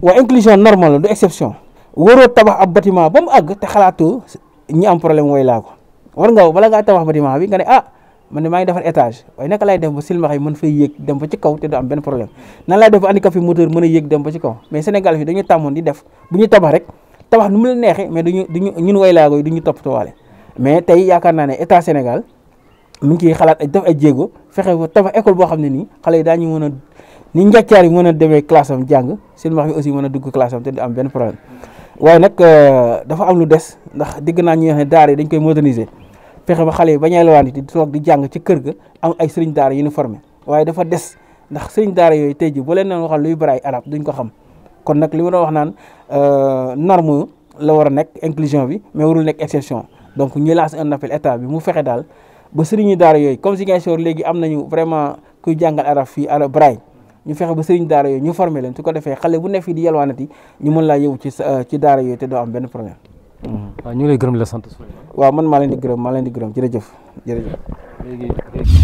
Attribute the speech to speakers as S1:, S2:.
S1: waa inclusion normale la du exception waroo tabax ab bâtiment ba mu àgg te xalaatoo ñi am problème mooy laa ko war nga bala ngaa tabax bâtiment bi nga ne ah man de maa ngi defar étage waaye naka lay def ba yi mën fay yéeg dem ci kaw te du am benn problème nan def ba handicap yi a yéeg dem ba ci kaw mais Sénégal fi dañu tàmmoon di def bu ñu tabax rek tabax nu mu la neexee mais duñu duñu ñun way laago yi du ñu topp toppatuwaale mais tey yaakaar naa ne état Sénégal mu ngi ciy xalaat def ay jéego fexee ba tabax école boo xam ne nii xale yi daañu mën a ni njàccaar yi mën a demee classe am jàng silmax bi aussi mën a dugg classe am te du am benn problème waaye nag euh, dafa am lu des ndax digg naa ñu ne daara yi dañ koy moderniser fexe ba xale yi ba a lawaan yi di toog di jàng ci kër ga am ay sëriñ daar yu ñu formé waaye dafa des ndax sëriñ daara yooyu tey ji bu leen doon waxal luy baraay arab duñ ko xam kon nag li ma doon wax naan nar euh, norme la war a nekk inclusion bi mais warul nekk exception donc ñu lancé un appel état bi mu fexe daal ba sëriñu daara yooyu comme si léegi am nañu vraiment kuy jàngal arab fii arab braille ñu fexe ba sëriñ daara yooyu ñu formé leen su ko defee xale bu nekk fii di yalwaanati ñu mën laa yóbbu ci euh, ci daara yooyu te doo am benn problème. Mm-hmm. waaw ñu ngi lay gërëm di la sant. waaw man maa di gërëm maa di gërëm jërëjëf jërëjëf.